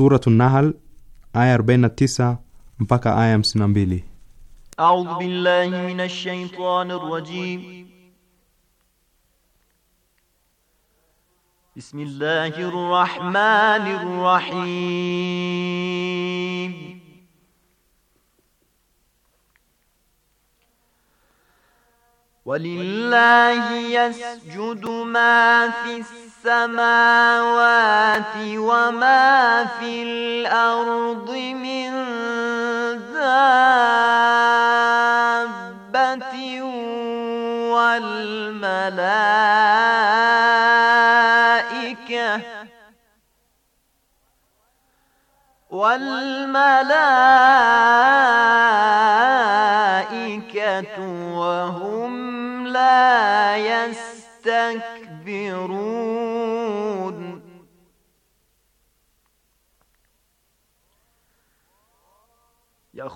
سورة النحل آية 49 mpaka aya آية 52. أعوذ بالله من الشيطان الرجيم بسم الله الرحمن الرحيم ولله يسجد ما في السماوات وما في الأرض من دابة والملائكة والملائكة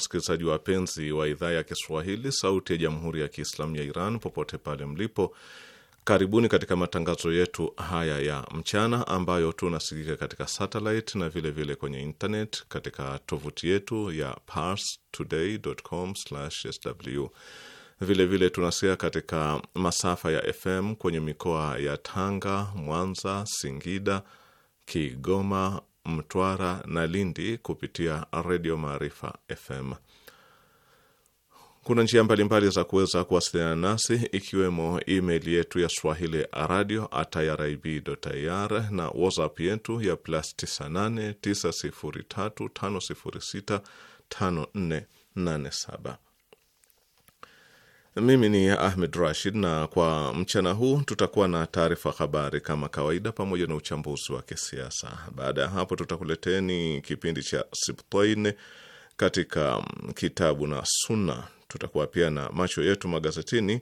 wasikilizaji wapenzi wa idhaa ya Kiswahili sauti ya jamhuri ya Kiislamu ya Iran popote pale mlipo, karibuni katika matangazo yetu haya ya mchana ambayo tunasikika katika satellite na vilevile vile kwenye internet katika tovuti yetu ya parstoday.com/sw. Vilevile tunasikika katika masafa ya FM kwenye mikoa ya Tanga, Mwanza, Singida, Kigoma, Mtwara na Lindi kupitia Redio Maarifa FM. Kuna njia mbalimbali za kuweza kuwasiliana nasi ikiwemo email yetu ya swahili radio at irib.ir na whatsapp yetu ya plus 98 903 506 5487. Mimi ni Ahmed Rashid, na kwa mchana huu tutakuwa na taarifa habari kama kawaida, pamoja na uchambuzi wa kisiasa. Baada ya hapo, tutakuleteni kipindi cha Sibtain katika kitabu na Sunna. Tutakuwa pia na macho yetu magazetini,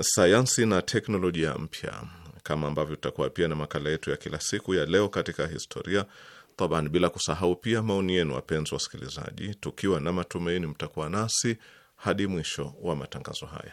sayansi na teknolojia mpya, kama ambavyo tutakuwa pia na makala yetu ya kila siku ya leo katika historia taban, bila kusahau pia maoni yenu, wapenzi wasikilizaji, tukiwa na matumaini mtakuwa nasi hadi mwisho wa matangazo haya.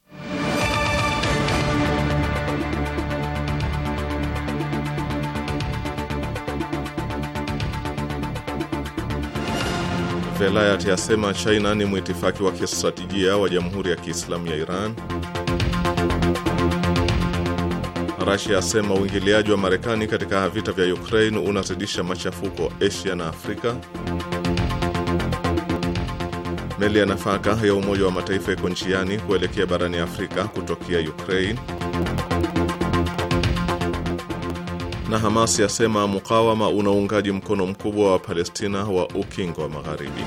Velayat yasema China ni mwitifaki wa kistratejia wa Jamhuri ya Kiislamu ya Iran. Rasia yasema uingiliaji wa Marekani katika vita vya Ukraine unazidisha machafuko Asia na Afrika. Meli ya nafaka ya Umoja wa Mataifa iko njiani kuelekea barani Afrika kutokea Ukraine na Hamas yasema mukawama una uungaji mkono mkubwa wa Palestina wa ukingo wa Magharibi.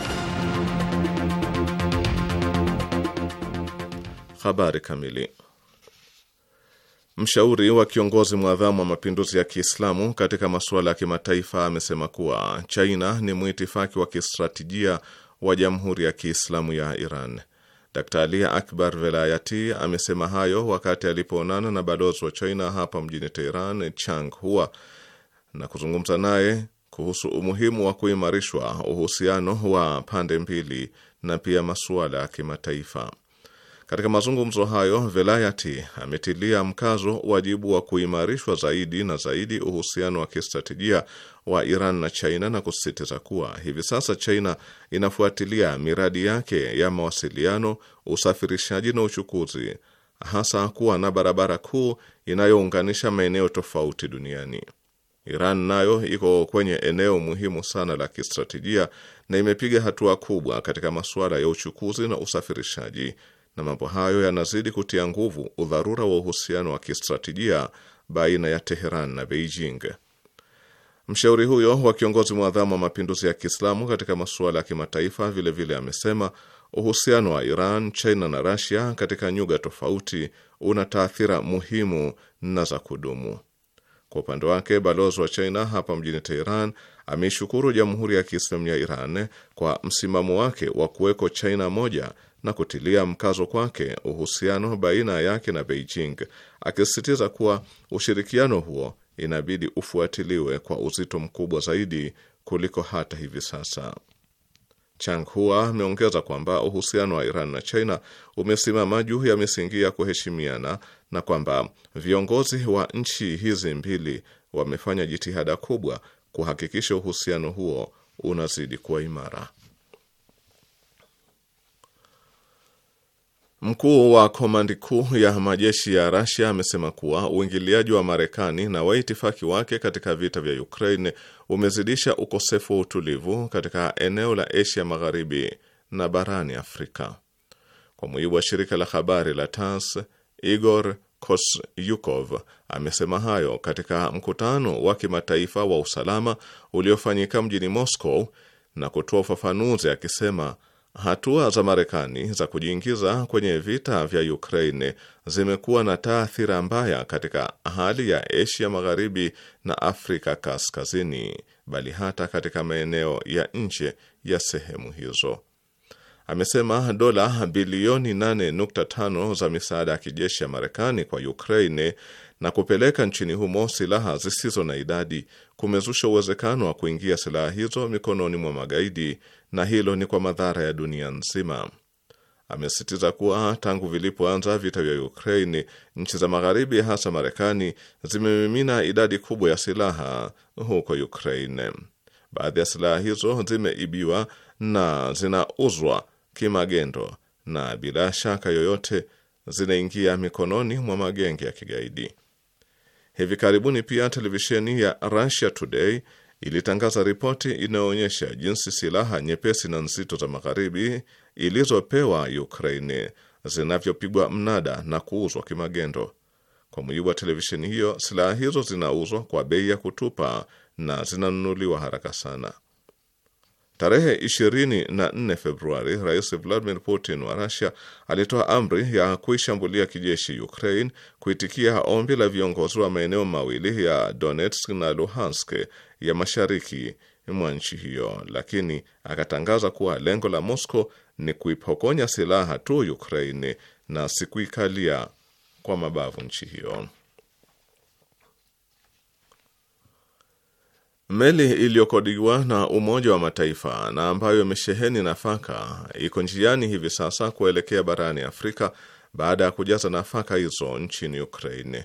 Habari kamili. Mshauri wa kiongozi mwadhamu wa mapinduzi ya Kiislamu katika masuala ya kimataifa amesema kuwa China ni mwitifaki wa kistratejia wa Jamhuri ya Kiislamu ya Iran. Dkt Ali Akbar Velayati amesema hayo wakati alipoonana na balozi wa China hapa mjini Teheran, Chang Hua, na kuzungumza naye kuhusu umuhimu wa kuimarishwa uhusiano wa pande mbili na pia masuala ya kimataifa. Katika mazungumzo hayo, Velayati ametilia mkazo wajibu wa kuimarishwa zaidi na zaidi uhusiano wa kistratejia wa Iran na China na kusisitiza kuwa hivi sasa China inafuatilia miradi yake ya mawasiliano, usafirishaji na uchukuzi, hasa kuwa na barabara kuu inayounganisha maeneo tofauti duniani. Iran nayo iko kwenye eneo muhimu sana la kistratejia na imepiga hatua kubwa katika masuala ya uchukuzi na usafirishaji na mambo hayo yanazidi kutia nguvu udharura wa uhusiano wa kistratejia baina ya Teheran na Beijing. Mshauri huyo wa kiongozi mwadhamu wa mapinduzi ya Kiislamu katika masuala ya kimataifa vilevile amesema uhusiano wa Iran, China na Rasia katika nyuga tofauti una taathira muhimu na za kudumu. Kwa upande wake, balozi wa China hapa mjini Teheran ameishukuru Jamhuri ya Kiislamu ya Iran kwa msimamo wake wa kuweko China moja na kutilia mkazo kwake uhusiano baina yake na Beijing, akisisitiza kuwa ushirikiano huo inabidi ufuatiliwe kwa uzito mkubwa zaidi kuliko hata hivi sasa. chang hua ameongeza kwamba uhusiano wa Iran na China umesimama juu ya misingi ya kuheshimiana na kwamba viongozi wa nchi hizi mbili wamefanya jitihada kubwa kuhakikisha uhusiano huo unazidi kuwa imara. Mkuu wa komandi kuu ya majeshi ya Rasia amesema kuwa uingiliaji wa Marekani na waitifaki wake katika vita vya Ukraine umezidisha ukosefu wa utulivu katika eneo la Asia Magharibi na barani Afrika. Kwa mujibu wa shirika la habari la TASS, Igor Kosyukov amesema hayo katika mkutano wa kimataifa wa usalama uliofanyika mjini Moscow na kutoa ufafanuzi akisema Hatua za Marekani za kujiingiza kwenye vita vya Ukraine zimekuwa na taathira mbaya katika hali ya Asia Magharibi na Afrika Kaskazini, bali hata katika maeneo ya nje ya sehemu hizo. Amesema dola bilioni 8.5 za misaada ya kijeshi ya Marekani kwa Ukraine na kupeleka nchini humo silaha zisizo na idadi kumezusha uwezekano wa kuingia silaha hizo mikononi mwa magaidi na hilo ni kwa madhara ya dunia nzima. Amesisitiza kuwa tangu vilipoanza vita vya Ukraini, nchi za Magharibi, hasa Marekani, zimemimina idadi kubwa ya silaha huko Ukraine. Baadhi ya silaha hizo zimeibiwa na zinauzwa kimagendo na bila shaka yoyote zinaingia mikononi mwa magenge ya kigaidi. Hivi karibuni pia televisheni ya Russia Today ilitangaza ripoti inayoonyesha jinsi silaha nyepesi na nzito za magharibi ilizopewa Ukraine zinavyopigwa mnada na kuuzwa kimagendo. Kwa mujibu wa televisheni hiyo, silaha hizo zinauzwa kwa bei ya kutupa na zinanunuliwa haraka sana. Tarehe 24 Februari, Rais Vladimir Putin wa Russia alitoa amri ya kuishambulia kijeshi Ukraine kuitikia ombi la viongozi wa maeneo mawili ya Donetsk na Luhansk ya mashariki mwa nchi hiyo, lakini akatangaza kuwa lengo la Moscow ni kuipokonya silaha tu Ukraine na si kuikalia kwa mabavu nchi hiyo. Meli iliyokodiwa na Umoja wa Mataifa na ambayo imesheheni nafaka iko njiani hivi sasa kuelekea barani Afrika baada ya kujaza nafaka hizo nchini Ukraine.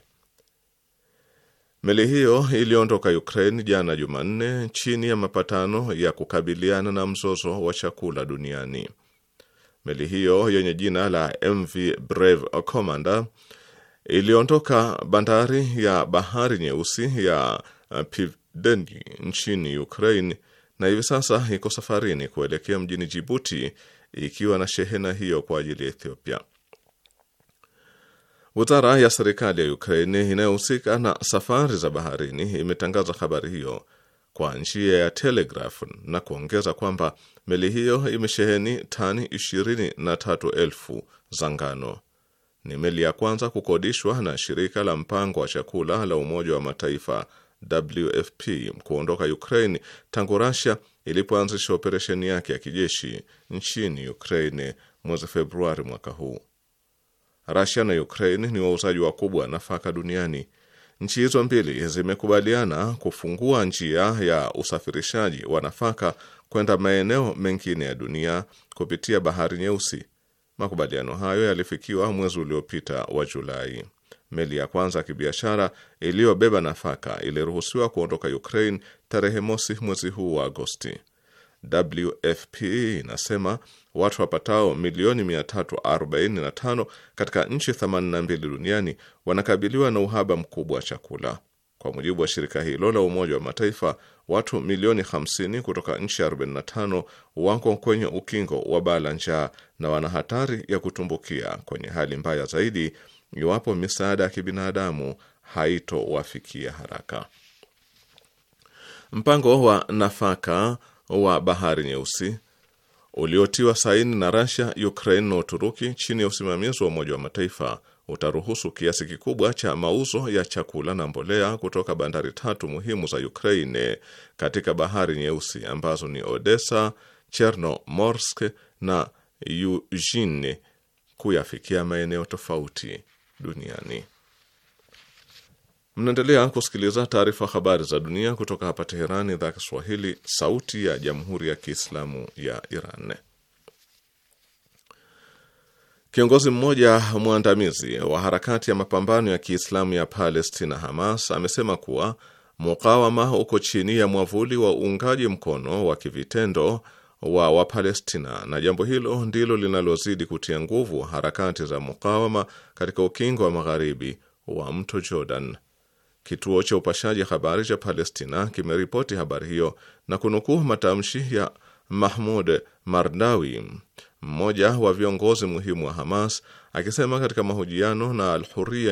Meli hiyo iliondoka Ukraine jana Jumanne chini ya mapatano ya kukabiliana na mzozo wa chakula duniani. Meli hiyo yenye jina la MV Brave Commander iliondoka bandari ya Bahari Nyeusi ya Pivdeni nchini Ukraine na hivi sasa iko safarini kuelekea mjini Jibuti ikiwa na shehena hiyo kwa ajili ya Ethiopia. Wizara ya serikali ya Ukraini inayohusika na safari za baharini imetangaza habari hiyo kwa njia ya Telegraph na kuongeza kwamba meli hiyo imesheheni tani ishirini na tatu elfu za ngano. Ni meli ya kwanza kukodishwa na shirika la mpango wa chakula la Umoja wa Mataifa WFP kuondoka Ukraine tangu Russia ilipoanzisha operesheni yake ya kijeshi nchini Ukraine mwezi Februari mwaka huu. Rasia na Ukraine ni wauzaji wakubwa nafaka duniani. Nchi hizo mbili zimekubaliana kufungua njia ya usafirishaji wa nafaka kwenda maeneo mengine ya dunia kupitia bahari Nyeusi. Makubaliano hayo yalifikiwa mwezi uliopita wa Julai. Meli ya kwanza ya kibiashara iliyobeba nafaka iliruhusiwa kuondoka Ukraine tarehe mosi mwezi huu wa Agosti. WFP inasema watu wapatao milioni 345 katika nchi 82 duniani wanakabiliwa na uhaba mkubwa wa chakula. Kwa mujibu wa shirika hilo la Umoja wa Mataifa, watu milioni 50 kutoka nchi 45 wako kwenye ukingo wa baa la njaa na wana hatari ya kutumbukia kwenye hali mbaya zaidi iwapo misaada ya kibinadamu haitowafikia haraka. Mpango wa nafaka wa Bahari Nyeusi uliotiwa saini na Rasia, Ukraine na Uturuki chini ya usimamizi wa Umoja wa Mataifa utaruhusu kiasi kikubwa cha mauzo ya chakula na mbolea kutoka bandari tatu muhimu za Ukraine katika Bahari Nyeusi ambazo ni Odessa, Chernomorsk na Yuzhini kuyafikia maeneo tofauti duniani. Mnaendelea kusikiliza taarifa habari za dunia kutoka hapa Teherani, idhaa Kiswahili, sauti ya jamhuri ya kiislamu ya Iran. Kiongozi mmoja mwandamizi wa harakati ya mapambano ya kiislamu ya Palestina, Hamas, amesema kuwa mukawama uko chini ya mwavuli wa uungaji mkono wa kivitendo wa Wapalestina, na jambo hilo ndilo linalozidi kutia nguvu harakati za mukawama katika ukingo wa magharibi wa mto Jordan. Kituo cha upashaji habari cha Palestina kimeripoti habari hiyo na kunukuu matamshi ya Mahmud Mardawi, mmoja wa viongozi muhimu wa Hamas, akisema katika mahojiano na Al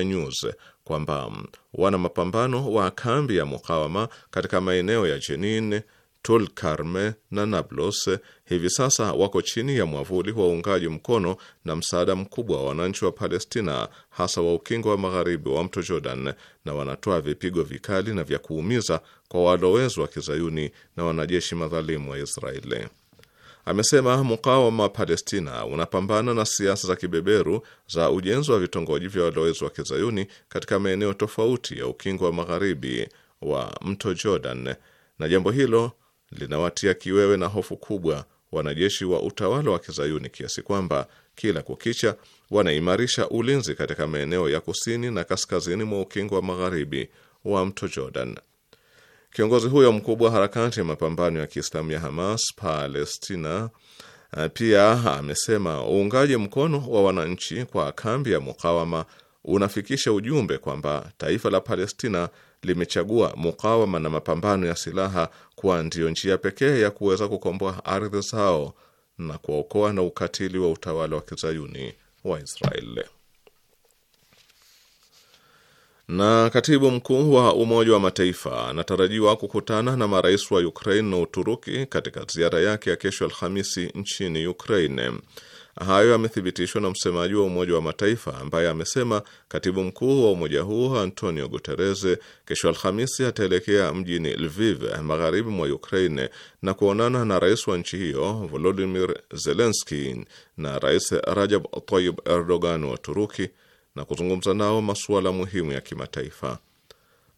News kwamba wana mapambano wa kambi ya mukawama katika maeneo ya Jenin Tulkarm na Nablus hivi sasa wako chini ya mwavuli wa uungaji mkono na msaada mkubwa wa wananchi wa Palestina, hasa wa ukingo wa magharibi wa mto Jordan, na wanatoa vipigo vikali na vya kuumiza kwa walowezi wa kizayuni na wanajeshi madhalimu wa Israeli. Amesema mukawama wa Palestina unapambana na siasa za kibeberu za ujenzi wa vitongoji vya walowezi wa kizayuni katika maeneo tofauti ya ukingo wa magharibi wa mto Jordan, na jambo hilo linawatia kiwewe na hofu kubwa wanajeshi wa utawala wa kizayuni kiasi kwamba kila kukicha wanaimarisha ulinzi katika maeneo ya kusini na kaskazini mwa ukingo wa magharibi wa mto Jordan. Kiongozi huyo mkubwa wa harakati ya mapambano ya Kiislamu ya Hamas Palestina eh, pia amesema uungaji mkono wa wananchi kwa kambi ya mukawama unafikisha ujumbe kwamba taifa la Palestina limechagua mukawama na mapambano ya silaha kuwa ndiyo njia pekee ya kuweza kukomboa ardhi zao na kuwaokoa na ukatili wa utawala wa kizayuni wa Israeli. Na katibu mkuu wa Umoja wa Mataifa anatarajiwa kukutana na marais wa Ukraine na Uturuki katika ziara yake ya kesho Alhamisi nchini Ukraine. Hayo yamethibitishwa na msemaji wa Umoja wa Mataifa ambaye amesema katibu mkuu wa umoja huo Antonio Guterres kesho Alhamisi ataelekea mjini Lviv, magharibi mwa Ukraine, na kuonana na rais wa nchi hiyo Volodimir Zelenski na rais Rajab tayib Erdogan wa Turuki na kuzungumza nao masuala muhimu ya kimataifa.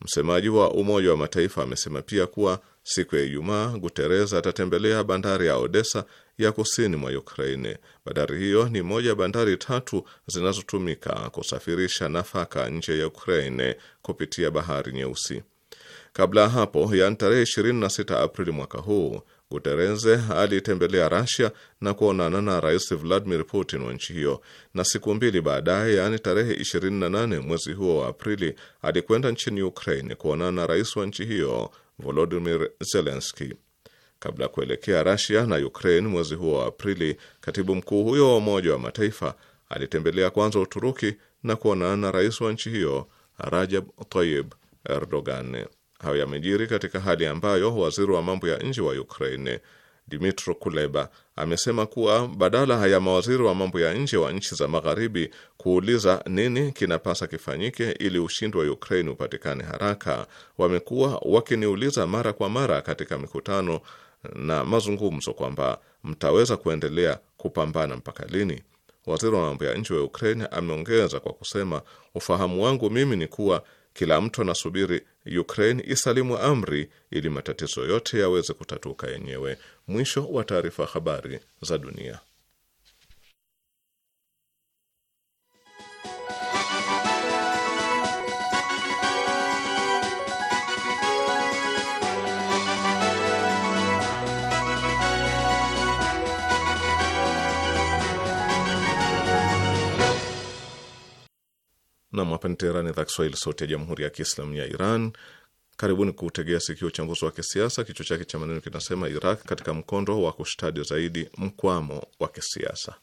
Msemaji wa Umoja wa Mataifa amesema pia kuwa siku ya Ijumaa Guterres atatembelea bandari ya Odessa ya kusini mwa Ukraine. Bandari hiyo ni moja ya bandari tatu zinazotumika kusafirisha nafaka nje ya Ukraine kupitia bahari Nyeusi. Kabla ya hapo, yaani tarehe 26 Aprili mwaka huu, Gutereze alitembelea russia na kuonana na Rais Vladimir Putin wa nchi hiyo, na siku mbili baadaye, yaani tarehe 28 mwezi huo wa Aprili, alikwenda nchini Ukraine kuonana na rais wa nchi hiyo Volodymyr Zelensky kabla ya kuelekea Rasia na Ukraine mwezi huo wa Aprili. Katibu mkuu huyo wa Umoja wa Mataifa alitembelea kwanza Uturuki na kuonana na rais wa nchi hiyo Rajab Tayyip Erdogan. Hayo yamejiri katika hali ambayo waziri wa mambo ya nje wa Ukraine Dmitro Kuleba amesema kuwa badala ya mawaziri wa mambo ya nje wa nchi za magharibi kuuliza nini kinapasa kifanyike ili ushindi wa Ukraine upatikane haraka, wamekuwa wakiniuliza mara kwa mara katika mikutano na mazungumzo kwamba mtaweza kuendelea kupambana mpaka lini? Waziri wa mambo ya nje wa Ukraine ameongeza kwa kusema, ufahamu wangu mimi ni kuwa kila mtu anasubiri Ukraine isalimu amri ili matatizo yote yaweze kutatuka yenyewe. Mwisho wa taarifa. Habari za dunia. Nam, hapa ni Teherani, idhaa Kiswahili, sauti ya jamhuri ya kiislamu ya Iran. Karibuni kuutegea sikio uchambuzi wa kisiasa, kichwa chake cha maneno kinasema Iraq katika mkondo wa kushtadi zaidi mkwamo wa kisiasa.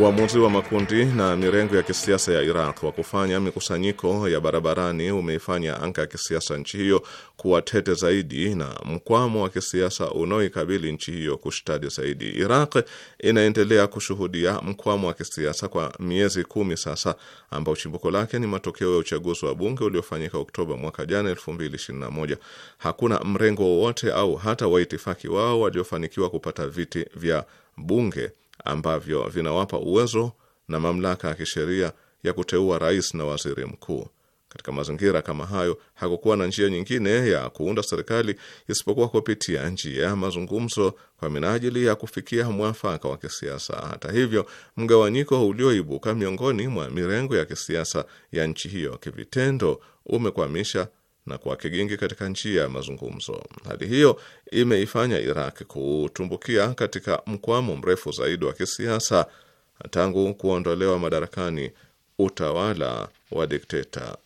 Uamuzi wa makundi na mirengo ya kisiasa ya Iraq wa kufanya mikusanyiko ya barabarani umeifanya anga ya kisiasa nchi hiyo kuwa tete zaidi na mkwamo wa kisiasa unaoikabili nchi hiyo kushtadi zaidi. Iraq inaendelea kushuhudia mkwamo wa kisiasa kwa miezi kumi sasa, ambao chimbuko lake ni matokeo ya uchaguzi wa bunge uliofanyika Oktoba mwaka jana 2021. Hakuna mrengo wowote au hata waitifaki wao waliofanikiwa kupata viti vya bunge ambavyo vinawapa uwezo na mamlaka ya kisheria ya kuteua rais na waziri mkuu. Katika mazingira kama hayo, hakukuwa na njia nyingine ya kuunda serikali isipokuwa kupitia njia ya mazungumzo kwa minajili ya kufikia mwafaka wa kisiasa. Hata hivyo, mgawanyiko ulioibuka miongoni mwa mirengo ya kisiasa ya nchi hiyo kivitendo umekwamisha na kuwa kigingi katika njia ya mazungumzo. Hali hiyo imeifanya Iraq kutumbukia katika mkwamo mrefu zaidi wa kisiasa tangu kuondolewa madarakani utawala wa dikteta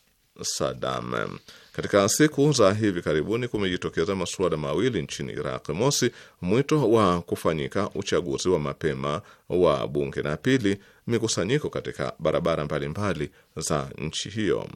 Saddam. Katika siku za hivi karibuni kumejitokeza masuala mawili nchini Iraq. Mosi, mwito wa kufanyika uchaguzi wa mapema wa bunge, na pili, mikusanyiko katika barabara mbalimbali mbali za nchi hiyo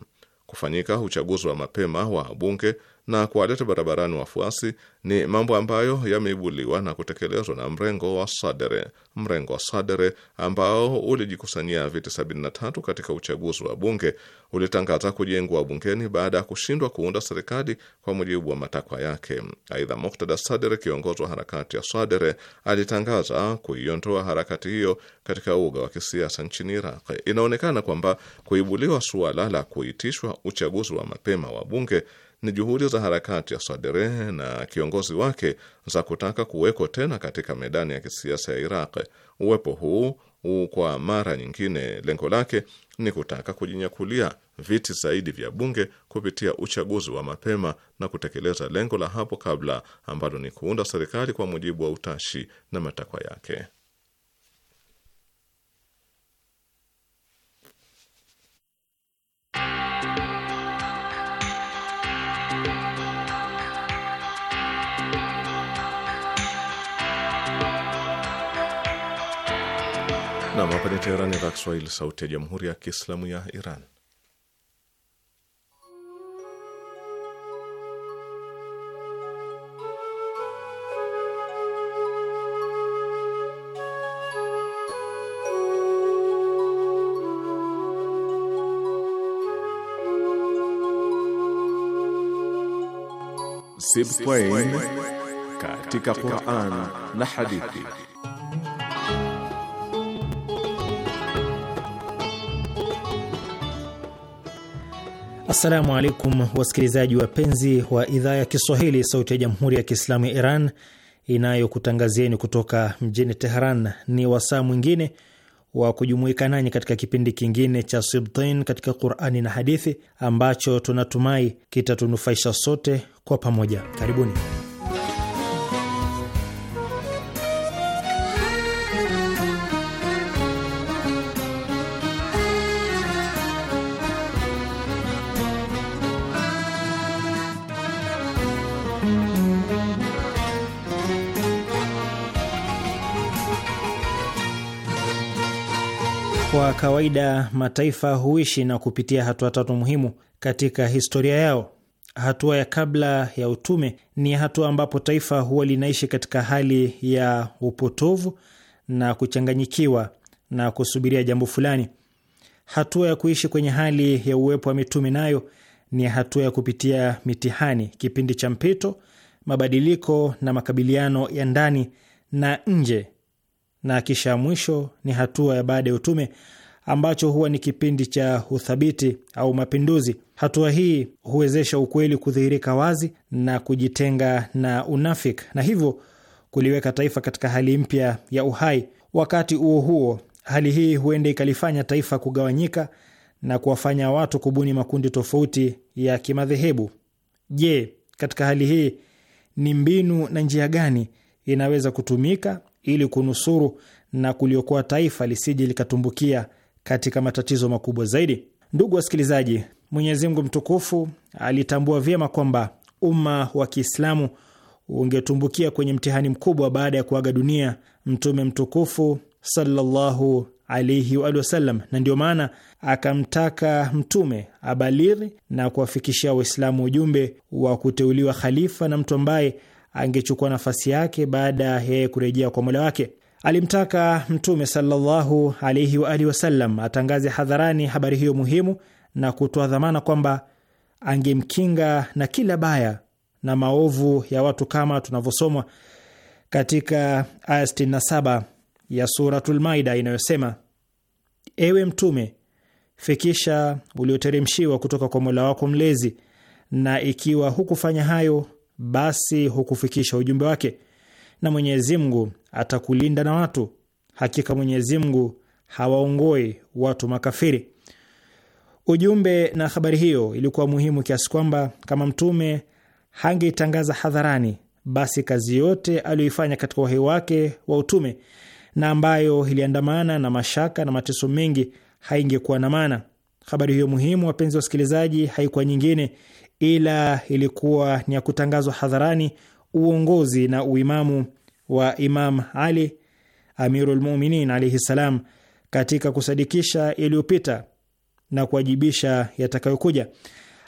kufanyika uchaguzi wa mapema wa bunge na kuwaleta barabarani wafuasi ni mambo ambayo yameibuliwa na kutekelezwa na mrengo wa Sadere. Mrengo wa Sadere ambao ulijikusanyia viti 73 katika uchaguzi wa bunge ulitangaza kujengwa bungeni baada ya kushindwa kuunda serikali kwa mujibu wa matakwa yake. Aidha, Muktada Sadere, kiongozi wa harakati ya Sadere, alitangaza kuiondoa harakati hiyo katika uga wa kisiasa nchini Iraq. Inaonekana kwamba kuibuliwa suala la kuitishwa uchaguzi wa mapema wa bunge ni juhudi za harakati ya Sadere na kiongozi wake za kutaka kuwekwa tena katika medani ya kisiasa ya Iraq. Uwepo huu kwa mara nyingine, lengo lake ni kutaka kujinyakulia viti zaidi vya bunge kupitia uchaguzi wa mapema na kutekeleza lengo la hapo kabla ambalo ni kuunda serikali kwa mujibu wa utashi na matakwa yake. ni Teherani, idhaa Kiswahili, sauti ya jamhuri ya kiislamu ya Iran. Sibtain katika Quran na hadithi Assalamu alaikum wasikilizaji wapenzi wa idhaa ya Kiswahili, sauti ya jamhuri ya kiislamu ya Iran inayokutangazieni kutoka mjini Teheran. Ni wasaa mwingine wa kujumuika nanyi katika kipindi kingine cha Sibtin katika Qurani na Hadithi ambacho tunatumai kitatunufaisha sote kwa pamoja. Karibuni. kawaida mataifa huishi na kupitia hatua tatu muhimu katika historia yao. Hatua ya kabla ya utume ni hatua ambapo taifa huwa linaishi katika hali ya upotovu na kuchanganyikiwa na kusubiria jambo fulani. Hatua ya kuishi kwenye hali ya uwepo wa mitume nayo ni hatua ya kupitia mitihani, kipindi cha mpito, mabadiliko na makabiliano ya ndani na nje, na kisha mwisho ni hatua ya baada ya utume ambacho huwa ni kipindi cha uthabiti au mapinduzi. Hatua hii huwezesha ukweli kudhihirika wazi na kujitenga na unafiki, na hivyo kuliweka taifa katika hali mpya ya uhai. Wakati huo huo, hali hii huenda ikalifanya taifa kugawanyika na kuwafanya watu kubuni makundi tofauti ya kimadhehebu. Je, katika hali hii ni mbinu na njia gani inaweza kutumika ili kunusuru na kuliokoa taifa lisije likatumbukia katika matatizo makubwa zaidi. Ndugu wasikilizaji, Mwenyezi Mungu mtukufu alitambua vyema kwamba umma wa Kiislamu ungetumbukia kwenye mtihani mkubwa baada ya kuaga dunia mtume mtukufu sallallahu alaihi wa wasallam, na ndio maana akamtaka mtume abaliri na kuwafikishia Waislamu ujumbe wa kuteuliwa khalifa na mtu ambaye angechukua nafasi yake baada ya yeye kurejea kwa Mola wake alimtaka Mtume sallallahu alaihi wa alihi wasallam atangaze hadharani habari hiyo muhimu na kutoa dhamana kwamba angemkinga na kila baya na maovu ya watu kama tunavyosomwa katika aya 67 ya Suratul Maida inayosema: ewe Mtume, fikisha ulioteremshiwa kutoka kwa Mola wako Mlezi, na ikiwa hukufanya hayo, basi hukufikisha ujumbe wake na Mwenyezi Mungu atakulinda na watu. Hakika Mwenyezi Mungu hawaongoi watu makafiri. Ujumbe na habari hiyo ilikuwa muhimu kiasi kwamba kama Mtume hangeitangaza hadharani, basi kazi yote aliyoifanya katika uhai wake wa utume na ambayo iliandamana na mashaka na mateso mengi haingekuwa na maana. Habari hiyo muhimu, wapenzi wasikilizaji, haikuwa nyingine ila ilikuwa ni ya kutangazwa hadharani uongozi na uimamu wa Imam Ali Amirul Muminin alaihi ssalam katika kusadikisha yaliyopita na kuwajibisha yatakayokuja.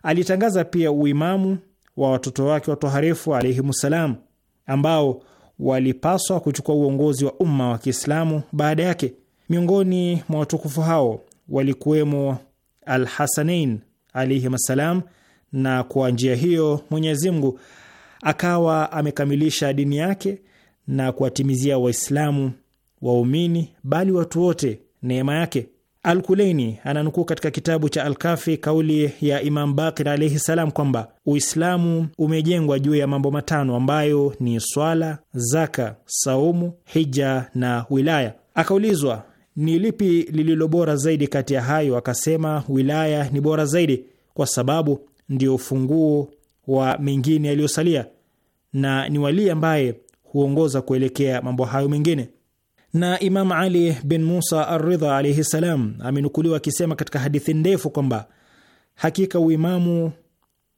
Alitangaza pia uimamu wa watoto wake watoharifu ssalam ambao walipaswa kuchukua uongozi wa umma wa Kiislamu baada yake. Miongoni mwa watukufu hao walikuwemo alhasanein alaihim assalam, na kwa njia hiyo Mwenyezi Mungu akawa amekamilisha dini yake na kuwatimizia Waislamu waumini, bali watu wote neema yake. Alkuleini ananukuu katika kitabu cha Alkafi kauli ya Imam Bakir alaihi salam kwamba Uislamu umejengwa juu ya mambo matano ambayo ni swala, zaka, saumu, hija na wilaya. Akaulizwa ni lipi lililo bora zaidi kati ya hayo, akasema wilaya ni bora zaidi, kwa sababu ndio ufunguo wa mengine yaliyosalia na ni wali ambaye huongoza kuelekea mambo hayo mengine. Na Imam Ali bin Musa Arridha alaihi ssalam amenukuliwa akisema katika hadithi ndefu kwamba hakika uimamu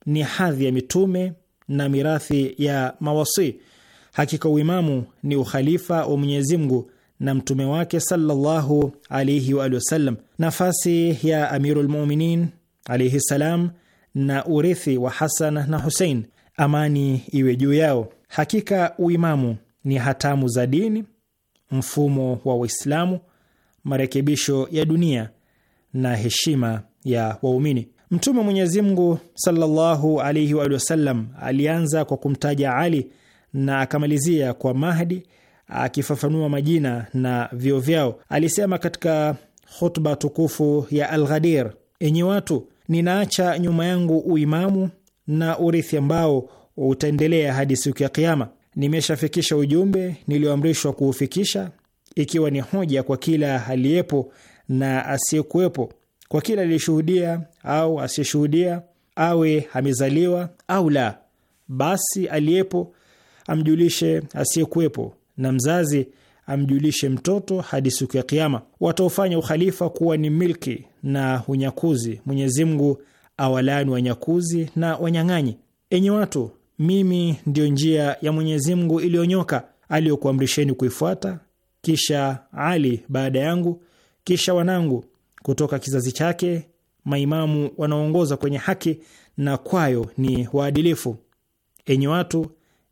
ni hadhi ya mitume na mirathi ya mawasi. Hakika uimamu ni ukhalifa wa Mwenyezi Mungu na mtume wake sallallahu alaihi wa alihi wasallam. Nafasi ya Amirul Muminin alaihi ssalam na urithi wa Hasan na Husein, amani iwe juu yao. Hakika uimamu ni hatamu za dini, mfumo wa Waislamu, marekebisho ya dunia na heshima ya waumini. Mtume Mwenyezi Mungu sallallahu alaihi wa sallam alianza kwa kumtaja Ali na akamalizia kwa Mahdi, akifafanua majina na vyo vyao. Alisema katika khutba tukufu ya Alghadir, enyi watu, ninaacha nyuma yangu uimamu na urithi ambao utaendelea hadi siku ya Kiama. Nimeshafikisha ujumbe nilioamrishwa kuufikisha, ikiwa ni hoja kwa kila aliyepo na asiyekuwepo, kwa kila aliyeshuhudia au asiyeshuhudia, awe amezaliwa au la. Basi aliyepo amjulishe asiyekuwepo, na mzazi amjulishe mtoto hadi siku ya Kiama. Wataofanya ukhalifa kuwa ni milki na unyakuzi, Mwenyezi Mungu awalaani wanyakuzi na wanyang'anyi. Enyi watu, mimi ndiyo njia ya Mwenyezi Mungu iliyonyoka aliyokuamrisheni kuifuata, kisha Ali baada yangu, kisha wanangu kutoka kizazi chake, maimamu wanaoongoza kwenye haki na kwayo ni waadilifu. Enyi watu,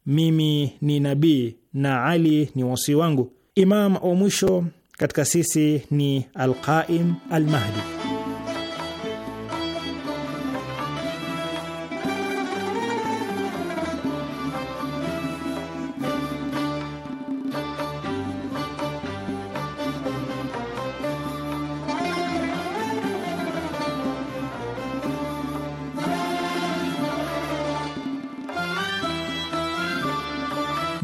mimi ni nabii na Ali ni wasii wangu. Imam wa mwisho katika sisi ni Alqaim Almahdi.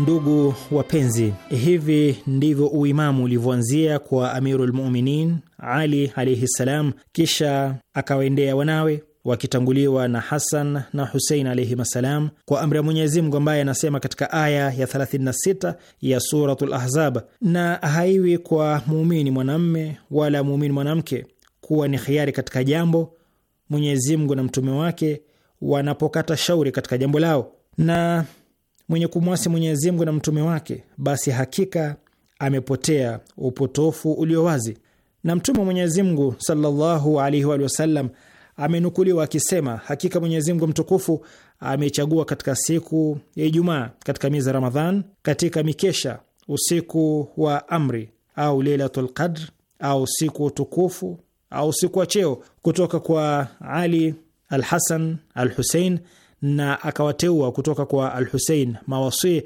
Ndugu wapenzi, hivi ndivyo uimamu ulivyoanzia kwa Amirul Muminin Ali alaihi ssalam, kisha akawaendea wanawe wakitanguliwa na Hasan na Husein alaihim assalam, kwa amri ya Mwenyezi Mungu ambaye anasema katika aya ya 36 ya Suratul Ahzab: na haiwi kwa muumini mwanamme wala muumini mwanamke kuwa ni khiari katika jambo Mwenyezi Mungu na mtume wake wanapokata shauri katika jambo lao, na mwenye kumwasi Mwenyezi Mungu na mtume wake, basi hakika amepotea upotofu ulio wazi. Na mtume wa Mwenyezi Mungu sallallahu alaihi wa sallam amenukuliwa akisema, hakika Mwenyezi Mungu mtukufu amechagua katika siku ya Ijumaa katika miezi ya Ramadhan, katika mikesha usiku wa amri au Lailatul Qadr au siku utukufu au siku wa cheo kutoka kwa Ali alhasan Alhusein al-Husein na akawateua kutoka kwa Al Husein mawasi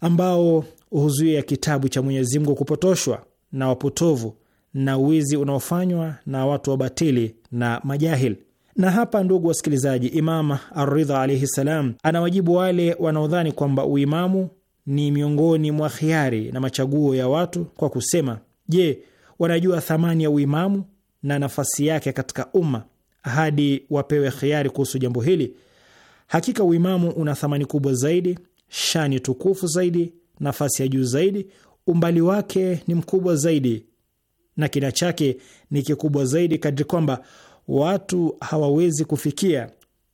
ambao huzuia kitabu cha Mwenyezi Mungu kupotoshwa na wapotovu na wizi unaofanywa na watu wabatili na majahil. Na hapa, ndugu wasikilizaji, Imam aridha alaihi ssalam anawajibu wale wanaodhani kwamba uimamu ni miongoni mwa khiari na machaguo ya watu kwa kusema, je, wanajua thamani ya uimamu na nafasi yake katika umma hadi wapewe khiari kuhusu jambo hili? Hakika uimamu una thamani kubwa zaidi, shani tukufu zaidi, nafasi ya juu zaidi, umbali wake ni mkubwa zaidi na kina chake ni kikubwa zaidi, kadri kwamba watu hawawezi kufikia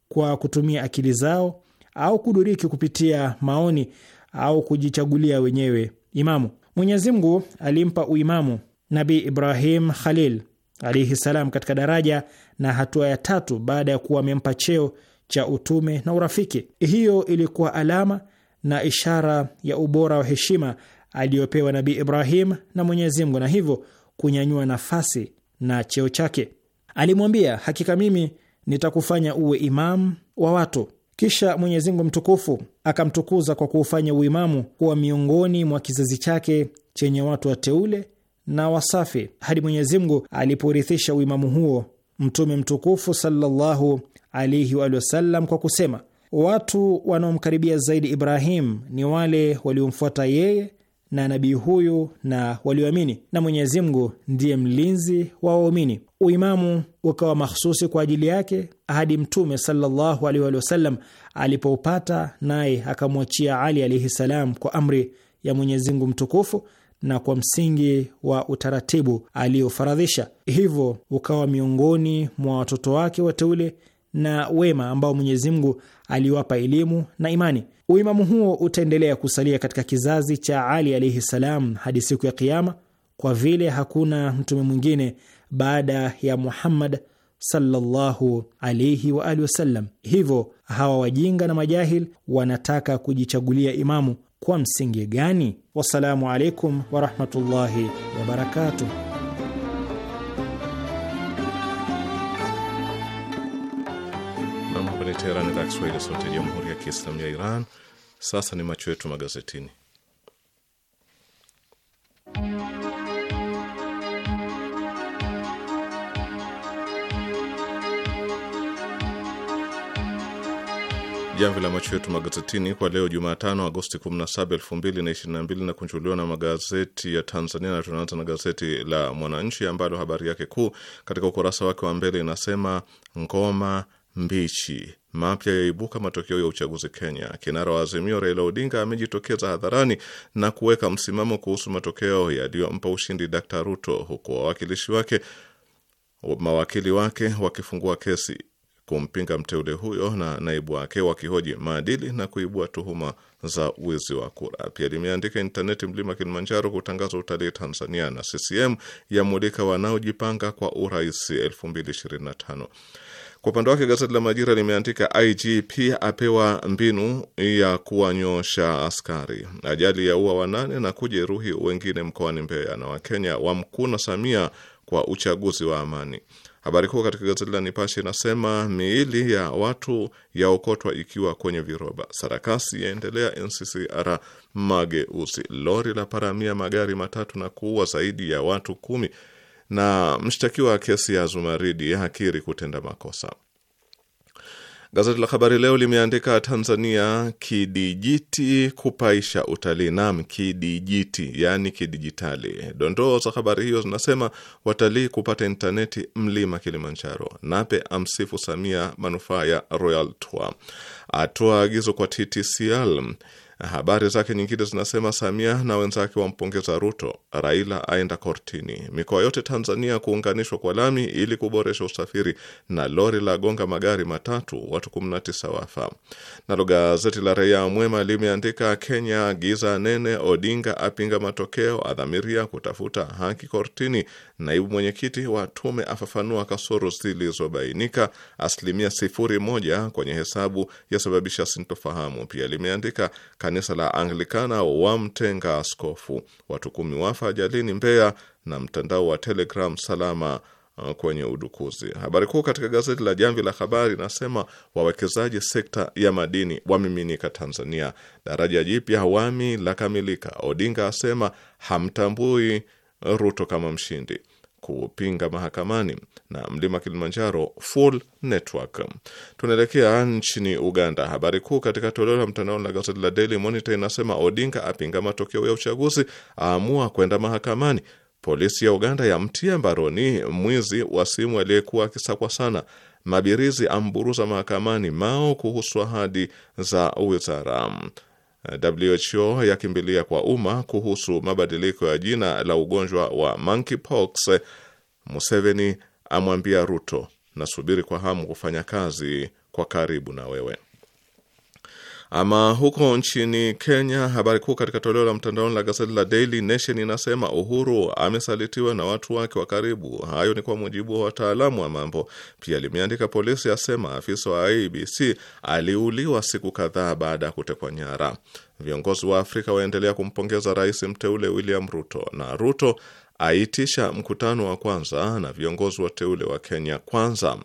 kwa kutumia akili zao au kuduriki kupitia maoni au kujichagulia wenyewe imamu. Mwenyezi Mungu alimpa uimamu Nabi Ibrahim Khalil alaihi salam katika daraja na hatua ya tatu baada ya kuwa amempa cheo cha utume na urafiki. Hiyo ilikuwa alama na ishara ya ubora wa heshima aliyopewa Nabii Ibrahim na Mwenyezi Mungu, na hivyo kunyanyua nafasi na cheo chake. Alimwambia, hakika mimi nitakufanya uwe imamu wa watu. Kisha Mwenyezi Mungu mtukufu akamtukuza kwa kuufanya uimamu kuwa miongoni mwa kizazi chake chenye watu wateule na wasafi, hadi Mwenyezi Mungu aliporithisha uimamu huo Mtume mtukufu sallallahu alaihi wasallam kwa kusema, watu wanaomkaribia zaidi Ibrahim ni wale waliomfuata yeye na nabii huyu na walioamini, na Mwenyezi Mungu ndiye mlinzi wa waumini. Uimamu ukawa mahsusi kwa ajili yake hadi Mtume sallallahu alaihi alipoupata, naye akamwachia Ali alaihi salam kwa amri ya Mwenyezi Mungu mtukufu na kwa msingi wa utaratibu aliofaradhisha, hivyo ukawa miongoni mwa watoto wake wateule na wema ambao Mwenyezi Mungu aliwapa elimu na imani. Uimamu huo utaendelea kusalia katika kizazi cha Ali alaihi salam hadi siku ya Kiama, kwa vile hakuna mtume mwingine baada ya Muhammad sallallahu alaihi wa alihi wasallam. Hivyo hawa wajinga na majahil wanataka kujichagulia imamu kwa msingi gani? Wassalamu alaikum warahmatullahi wabarakatuh. Teherani, idhaa Kiswahili, sauti ya jamhuri ya kiislamu ya Iran. Sasa ni macho yetu magazetini. Jamvi la macho yetu magazetini kwa leo Jumatano, Agosti 17, 2022 na kunjuliwa na magazeti ya Tanzania, na tunaanza na gazeti la Mwananchi ambalo habari yake kuu katika ukurasa wake wa mbele inasema ngoma mbichi mapya yaibuka matokeo ya uchaguzi Kenya, kinara wa Azimio Raila Odinga amejitokeza hadharani na kuweka msimamo kuhusu matokeo yaliyompa ushindi Dkt Ruto, huku wawakilishi wake mawakili wake wakifungua kesi kumpinga mteule huyo na naibu wake wakihoji maadili na kuibua tuhuma za wizi wa kura. Pia limeandika intaneti mlima Kilimanjaro kutangaza utalii Tanzania na CCM yamulika wanaojipanga kwa urais 2025. Kwa upande wake gazeti la Majira limeandika IGP apewa mbinu ya kuwanyosha askari, ajali ya ua wanane na kujeruhi wengine mkoani Mbeya, na Wakenya wamkuna Samia kwa uchaguzi wa amani. Habari kuu katika gazeti la Nipashe inasema miili ya watu yaokotwa ikiwa kwenye viroba, sarakasi yaendelea NCCR mageuzi, lori la paramia magari matatu na kuua zaidi ya watu kumi na mshtakiwa wa kesi ya Zumaridi hakiri kutenda makosa. Gazeti la Habari Leo limeandika Tanzania kidijiti kupaisha utalii. Nam, kidijiti yaani kidijitali. Dondoo za habari hiyo zinasema watalii kupata intaneti mlima Kilimanjaro. Nape amsifu Samia manufaa ya Royal Tour, atoa agizo kwa TTCL Habari zake nyingine zinasema Samia na wenzake wampongeza Ruto, Raila aenda kortini. Mikoa yote Tanzania kuunganishwa kwa lami ili kuboresha usafiri, na lori la gonga magari matatu, watu 19 wafa. Nalo gazeti la Raia Mwema limeandika Kenya giza nene, Odinga apinga matokeo, adhamiria kutafuta haki kortini, naibu mwenyekiti wa tume afafanua kasoro zilizobainika, asilimia sifuri moja kwenye hesabu yasababisha sintofahamu. Pia limeandika kanisa la Anglikana wamtenga askofu, watu kumi wafa ajalini Mbeya, na mtandao wa Telegram salama uh, kwenye udukuzi. Habari kuu katika gazeti la Jamvi la Habari inasema wawekezaji sekta ya madini wamiminika Tanzania, daraja jipya Wami la kamilika, Odinga asema hamtambui Ruto kama mshindi kupinga mahakamani na mlima Kilimanjaro Full Network. Tunaelekea nchini Uganda. Habari kuu katika toleo la mtandaoni la gazeti la Daily Monitor inasema Odinga apinga matokeo ya uchaguzi, aamua kwenda mahakamani. Polisi ya Uganda yamtia mbaroni mwizi wa simu aliyekuwa akisakwa sana. Mabirizi amburuza mahakamani Mao kuhusu ahadi za wizara. WHO yakimbilia kwa umma kuhusu mabadiliko ya jina la ugonjwa wa monkeypox, Museveni amwambia Ruto, nasubiri kwa hamu kufanya kazi kwa karibu na wewe. Ama huko nchini Kenya, habari kuu katika toleo la mtandaoni la gazeti la Daily Nation inasema Uhuru amesalitiwa na watu wake wa karibu. Hayo ni kwa mujibu wa wataalamu wa mambo. Pia limeandika polisi asema afisa wa abc e aliuliwa siku kadhaa baada ya kutekwa nyara. Viongozi wa Afrika waendelea kumpongeza rais mteule William Ruto na Ruto aitisha mkutano wa kwanza na viongozi wa teule wa Kenya Kwanza.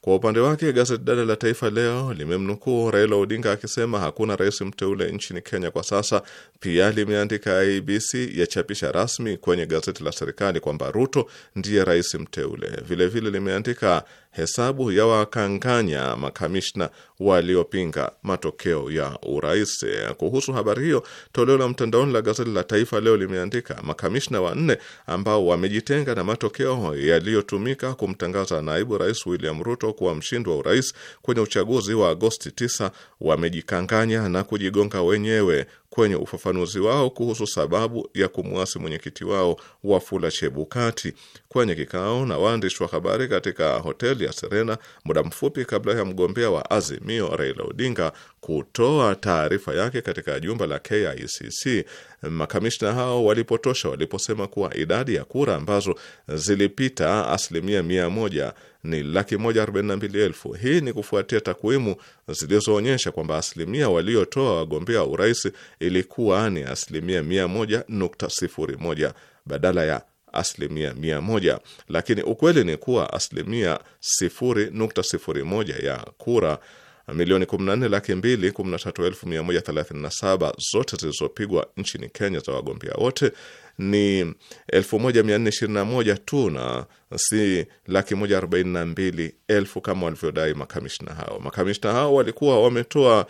Kwa upande wake, gazeti dada la Taifa Leo limemnukuu Raila Odinga akisema hakuna rais mteule nchini Kenya kwa sasa. Pia limeandika ABC yachapisha rasmi kwenye gazeti la serikali kwamba Ruto ndiye rais mteule. Vilevile vile limeandika hesabu ya wakanganya makamishna waliopinga matokeo ya urais. Kuhusu habari hiyo, toleo la mtandaoni la gazeti la Taifa Leo limeandika makamishna wanne ambao wamejitenga na matokeo yaliyotumika kumtangaza naibu rais William Ruto kuwa mshindi wa urais kwenye uchaguzi wa Agosti 9 wamejikanganya na kujigonga wenyewe kwenye ufafanuzi wao kuhusu sababu ya kumwasi mwenyekiti wao Wafula Chebukati kwenye kikao na waandishi wa habari katika hoteli ya Serena muda mfupi kabla ya mgombea wa Azimio Raila Odinga kutoa taarifa yake katika jumba la KICC Makamishna hao walipotosha waliposema kuwa idadi ya kura ambazo zilipita asilimia mia moja ni laki moja arobaini na mbili elfu. Hii ni kufuatia takwimu zilizoonyesha kwamba asilimia waliotoa wagombea wa urais ilikuwa ni asilimia mia moja nukta sifuri moja badala ya asilimia mia moja, lakini ukweli ni kuwa asilimia sifuri nukta sifuri moja ya kura milioni 14 laki mbili 13137 zote zilizopigwa nchini Kenya za wagombea wote ni 1421 tu na si laki 142,000 kama walivyodai makamishna hao. Makamishna hao walikuwa wametoa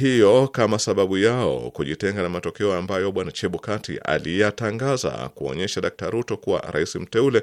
hiyo kama sababu yao kujitenga na matokeo ambayo bwana Chebukati aliyatangaza kuonyesha Dkt. Ruto kuwa rais mteule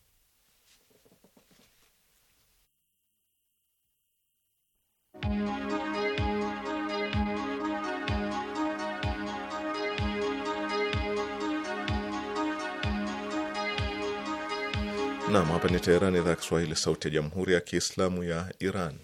Naam, hapa ni Teherani, idhaa ya Kiswahili, sauti ya jamhuri ya kiislamu ya Iran.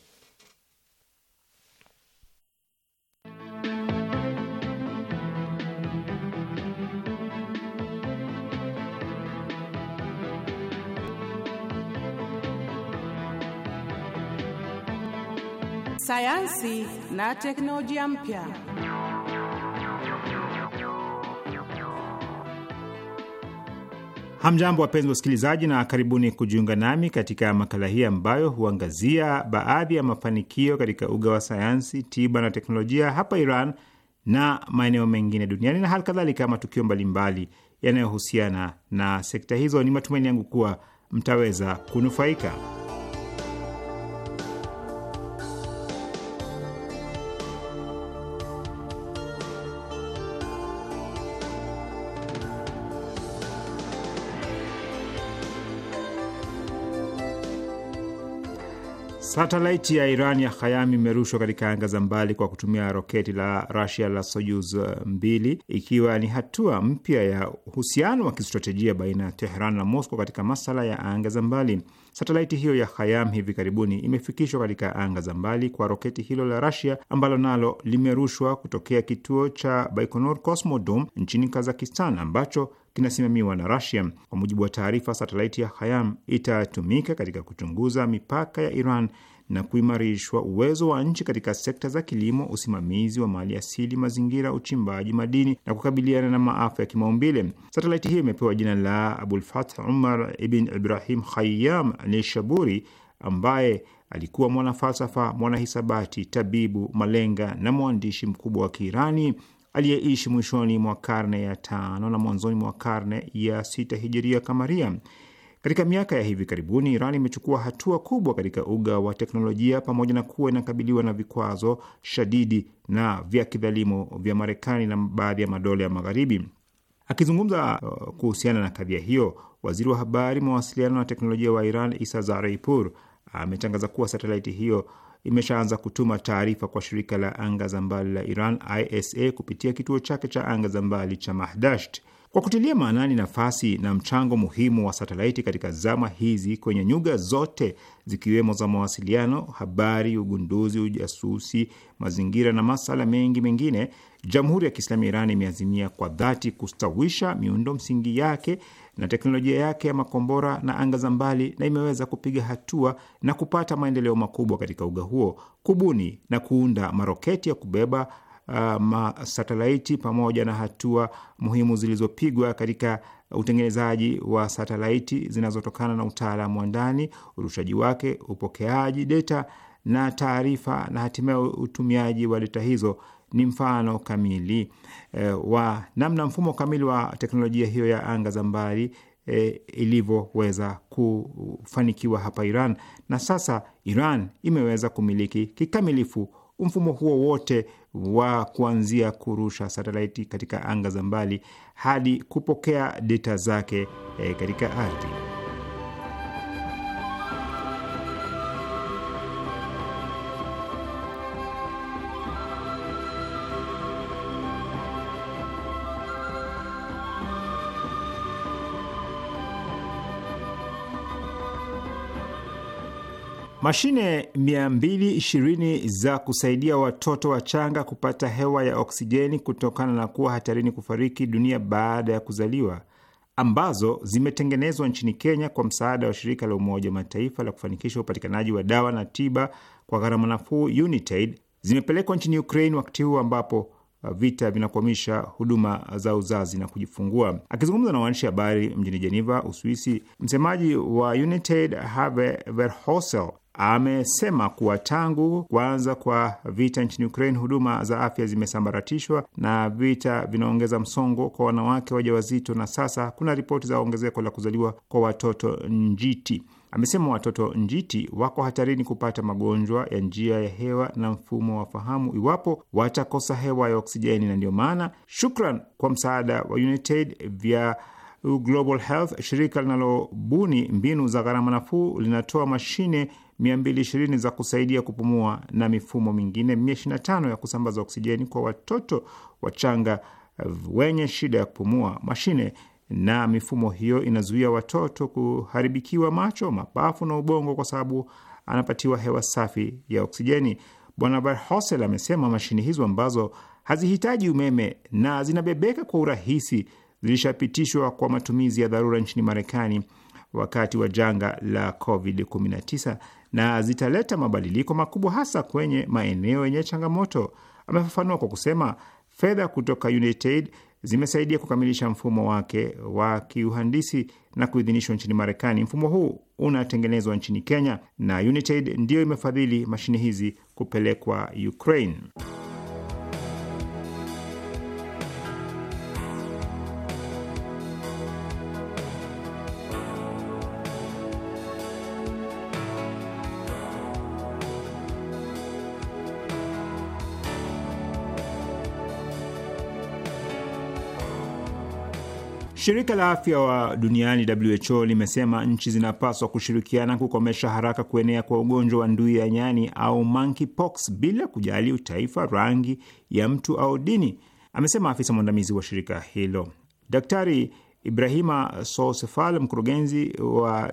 Sayansi na teknolojia mpya. Hamjambo, wapenzi wasikilizaji, na karibuni kujiunga nami katika makala hii ambayo huangazia baadhi ya mafanikio katika uga wa sayansi, tiba na teknolojia hapa Iran na maeneo mengine duniani na hali kadhalika matukio mbalimbali yanayohusiana na sekta hizo. Ni matumaini yangu kuwa mtaweza kunufaika. Satelaiti ya Iran ya Khayam imerushwa katika anga za mbali kwa kutumia roketi la Rusia la Soyuz mbili ikiwa ni hatua mpya ya uhusiano wa kistratejia baina ya teheran na Moscow katika masala ya anga za mbali. Satelaiti hiyo ya Khayam hivi karibuni imefikishwa katika anga za mbali kwa roketi hilo la Rusia ambalo nalo limerushwa kutokea kituo cha Baikonur Cosmodrome nchini Kazakistan ambacho kinasimamiwa na Rasia. Kwa mujibu wa taarifa, satelaiti ya Hayam itatumika katika kuchunguza mipaka ya Iran na kuimarishwa uwezo wa nchi katika sekta za kilimo, usimamizi wa mali asili, mazingira, uchimbaji madini na kukabiliana na maafa ya kimaumbile. Satelaiti hiyo imepewa jina la Abulfath Umar Ibn Ibrahim khayam Nishaburi ambaye alikuwa mwanafalsafa, mwanahisabati, tabibu, malenga na mwandishi mkubwa wa Kiirani aliyeishi mwishoni mwa karne ya tano na mwanzoni mwa karne ya sita hijiria kamaria. Katika miaka ya hivi karibuni, Iran imechukua hatua kubwa katika uga wa teknolojia, pamoja na kuwa inakabiliwa na vikwazo shadidi na vya kidhalimu vya Marekani na baadhi ya madola ya Magharibi. Akizungumza uh, kuhusiana na kadhia hiyo, waziri wa habari, mawasiliano na teknolojia wa Iran Isa Zarepour ametangaza kuwa satelaiti hiyo imeshaanza kutuma taarifa kwa shirika la anga za mbali la Iran ISA kupitia kituo chake cha anga za mbali cha Mahdasht. Kwa kutilia maanani nafasi na mchango muhimu wa satelaiti katika zama hizi kwenye nyuga zote zikiwemo za mawasiliano, habari, ugunduzi, ujasusi, mazingira na masala mengi mengine, Jamhuri ya Kiislamu ya Iran imeazimia kwa dhati kustawisha miundo msingi yake na teknolojia yake ya makombora na anga za mbali, na imeweza kupiga hatua na kupata maendeleo makubwa katika uga huo, kubuni na kuunda maroketi ya kubeba uh, masatelaiti pamoja na hatua muhimu zilizopigwa katika utengenezaji wa satelaiti zinazotokana na utaalamu wa ndani, urushaji wake, upokeaji deta na taarifa, na hatimaye utumiaji wa deta hizo ni mfano kamili e, wa namna mfumo kamili wa teknolojia hiyo ya anga za mbali e, ilivyoweza kufanikiwa hapa Iran, na sasa Iran imeweza kumiliki kikamilifu mfumo huo wote wa kuanzia kurusha satelaiti katika anga za mbali hadi kupokea data zake e, katika ardhi. Mashine 220 za kusaidia watoto wachanga kupata hewa ya oksijeni kutokana na kuwa hatarini kufariki dunia baada ya kuzaliwa ambazo zimetengenezwa nchini Kenya kwa msaada wa shirika la Umoja wa Mataifa la kufanikisha upatikanaji wa dawa na tiba kwa gharama nafuu Unitaid zimepelekwa nchini Ukraine wakati huu ambapo uh, vita vinakwamisha huduma za uzazi na kujifungua. Akizungumza na waandishi habari mjini Jeneva, Uswisi, msemaji wa Unitaid Have Verhosel amesema kuwa tangu kuanza kwa vita nchini Ukraine, huduma za afya zimesambaratishwa na vita vinaongeza msongo kwa wanawake wajawazito, na sasa kuna ripoti za ongezeko la kuzaliwa kwa watoto njiti. Amesema watoto njiti wako hatarini kupata magonjwa ya njia ya hewa na mfumo wa fahamu iwapo watakosa hewa ya oksijeni, na ndio maana shukran kwa msaada wa United vya Global Health, shirika linalobuni mbinu za gharama nafuu, linatoa mashine 220 za kusaidia kupumua na mifumo mingine 125 ya kusambaza oksijeni kwa watoto wachanga eh, wenye shida ya kupumua. Mashine na mifumo hiyo inazuia watoto kuharibikiwa macho, mapafu na ubongo kwa sababu anapatiwa hewa safi ya oksijeni. Bwana Verhosel amesema mashine hizo ambazo hazihitaji umeme na zinabebeka kwa urahisi zilishapitishwa kwa matumizi ya dharura nchini Marekani wakati wa janga la COVID-19 na zitaleta mabadiliko makubwa hasa kwenye maeneo yenye changamoto. Amefafanua kwa kusema fedha kutoka United zimesaidia kukamilisha mfumo wake wa kiuhandisi na kuidhinishwa nchini Marekani. Mfumo huu unatengenezwa nchini Kenya na United ndiyo imefadhili mashine hizi kupelekwa Ukraine. Shirika la afya wa duniani WHO limesema nchi zinapaswa kushirikiana kukomesha haraka kuenea kwa ugonjwa wa ndui ya nyani au monkeypox bila kujali utaifa, rangi ya mtu au dini, amesema afisa mwandamizi wa shirika hilo. Daktari Ibrahima Sosefal, mkurugenzi wa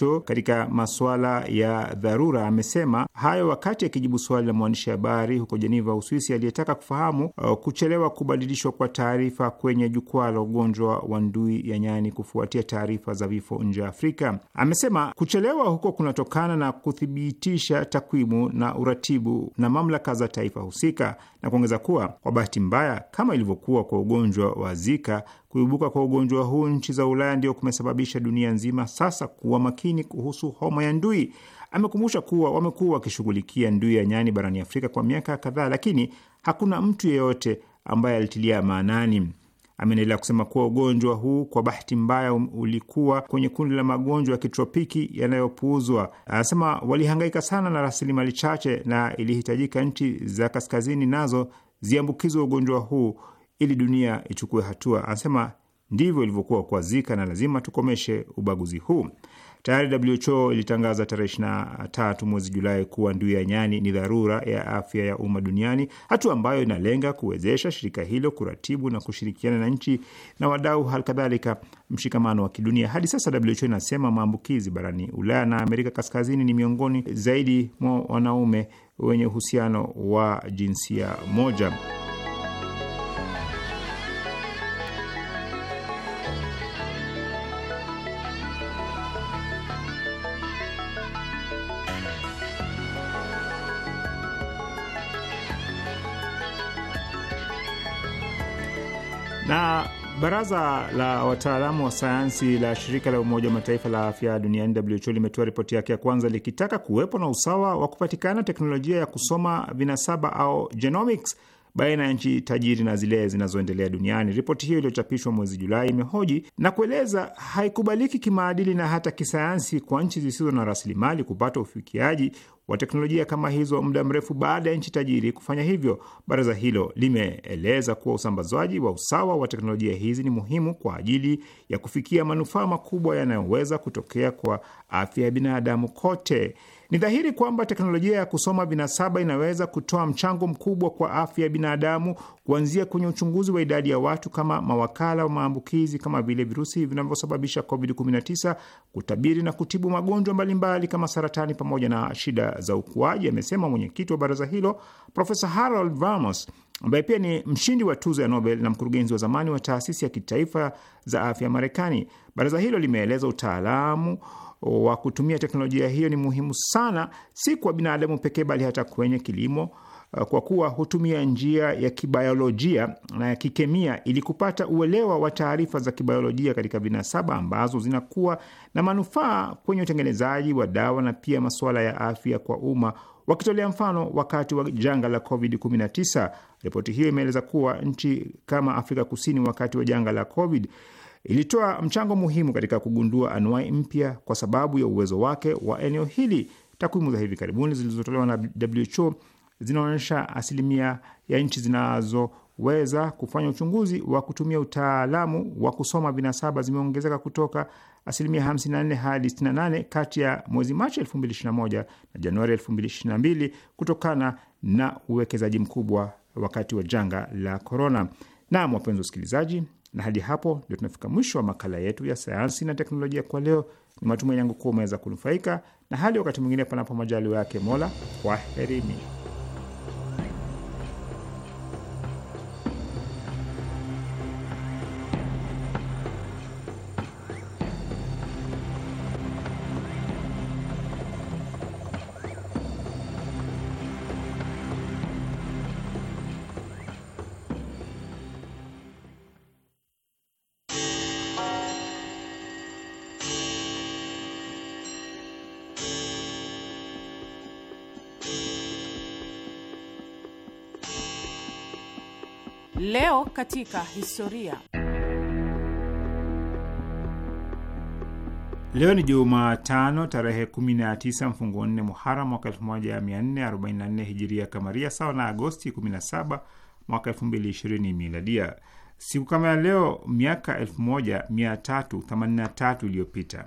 WHO katika masuala ya dharura, amesema hayo wakati akijibu swali la mwandishi habari huko Jeneva, Uswisi, aliyetaka kufahamu uh, kuchelewa kubadilishwa kwa taarifa kwenye jukwaa la ugonjwa wa ndui ya nyani kufuatia taarifa za vifo nje ya Afrika. Amesema kuchelewa huko kunatokana na kuthibitisha takwimu na uratibu na mamlaka za taifa husika na kuongeza kuwa kwa bahati mbaya, kama ilivyokuwa kwa ugonjwa wa Zika, kuibuka kwa ugonjwa huu nchi za Ulaya ndio kumesababisha dunia nzima sasa kuwa makini kuhusu homa ya ndui. Amekumbusha kuwa wamekuwa wakishughulikia ndui ya nyani barani Afrika kwa miaka kadhaa, lakini hakuna mtu yeyote ambaye alitilia maanani Ameendelea kusema kuwa ugonjwa huu kwa bahati mbaya um, ulikuwa kwenye kundi la magonjwa ya kitropiki yanayopuuzwa. Anasema walihangaika sana na rasilimali chache, na ilihitajika nchi za kaskazini nazo ziambukizwe ugonjwa huu ili dunia ichukue hatua. Anasema ndivyo ilivyokuwa kwa Zika na lazima tukomeshe ubaguzi huu. Tayari WHO ilitangaza tarehe 23 mwezi Julai kuwa ndui ya nyani ni dharura ya afya ya umma duniani, hatua ambayo inalenga kuwezesha shirika hilo kuratibu na kushirikiana na nchi na wadau, halikadhalika mshikamano wa kidunia. Hadi sasa WHO inasema maambukizi barani Ulaya na Amerika Kaskazini ni miongoni zaidi mwa wanaume wenye uhusiano wa jinsia moja. Baraza la wataalamu wa sayansi la shirika la Umoja wa Mataifa la afya duniani WHO limetoa ripoti yake ya kwanza likitaka kuwepo na usawa wa kupatikana teknolojia ya kusoma vinasaba au genomics baina ya nchi tajiri na zile zinazoendelea duniani. Ripoti hiyo iliyochapishwa mwezi Julai imehoji na kueleza haikubaliki kimaadili na hata kisayansi kwa nchi zisizo na rasilimali kupata ufikiaji wa teknolojia kama hizo muda mrefu baada ya nchi tajiri kufanya hivyo. Baraza hilo limeeleza kuwa usambazwaji wa usawa wa teknolojia hizi ni muhimu kwa ajili ya kufikia manufaa makubwa yanayoweza kutokea kwa afya ya binadamu kote. Ni dhahiri kwamba teknolojia ya kusoma vinasaba inaweza kutoa mchango mkubwa kwa afya ya binadamu, kuanzia kwenye uchunguzi wa idadi ya watu kama mawakala wa maambukizi kama vile virusi vinavyosababisha COVID-19, kutabiri na kutibu magonjwa mbalimbali kama saratani pamoja na shida za ukuaji, amesema mwenyekiti wa baraza hilo Profesa Harold Varmus ambaye pia ni mshindi wa tuzo ya Nobel na mkurugenzi wa zamani wa taasisi ya kitaifa za afya Marekani. Baraza hilo limeeleza utaalamu wa kutumia teknolojia hiyo ni muhimu sana, si kwa binadamu pekee, bali hata kwenye kilimo, uh, kwa kuwa hutumia njia ya kibayolojia na ya kikemia ili kupata uelewa wa taarifa za kibayolojia katika vinasaba ambazo zinakuwa na manufaa kwenye utengenezaji wa dawa na pia masuala ya afya kwa umma, wakitolea mfano wakati wa janga la COVID-19. Ripoti hiyo imeeleza kuwa nchi kama Afrika Kusini wakati wa janga la COVID ilitoa mchango muhimu katika kugundua anuai mpya kwa sababu ya uwezo wake wa eneo hili. Takwimu za hivi karibuni zilizotolewa na WHO zinaonyesha asilimia ya nchi zinazoweza kufanya uchunguzi wa kutumia utaalamu wa kusoma vinasaba zimeongezeka kutoka asilimia 54 hadi 68 kati ya mwezi Machi 2021 na Januari 2022 kutokana na uwekezaji mkubwa wakati wa janga la korona. Naam, wapenzi wasikilizaji, na hadi hapo ndio tunafika mwisho wa makala yetu ya sayansi na teknolojia kwa leo. Ni matumaini yangu kuwa umeweza kunufaika, na hadi wakati mwingine, panapo majaliwa yake Mola, kwaherini. Leo katika historia. Leo ni Jumatano tarehe 19 mfungo nne Muharam mwaka 1444 hijiria kamaria, sawa na Agosti 17 mwaka 2020 miladia. Siku kama ya leo miaka 1383 iliyopita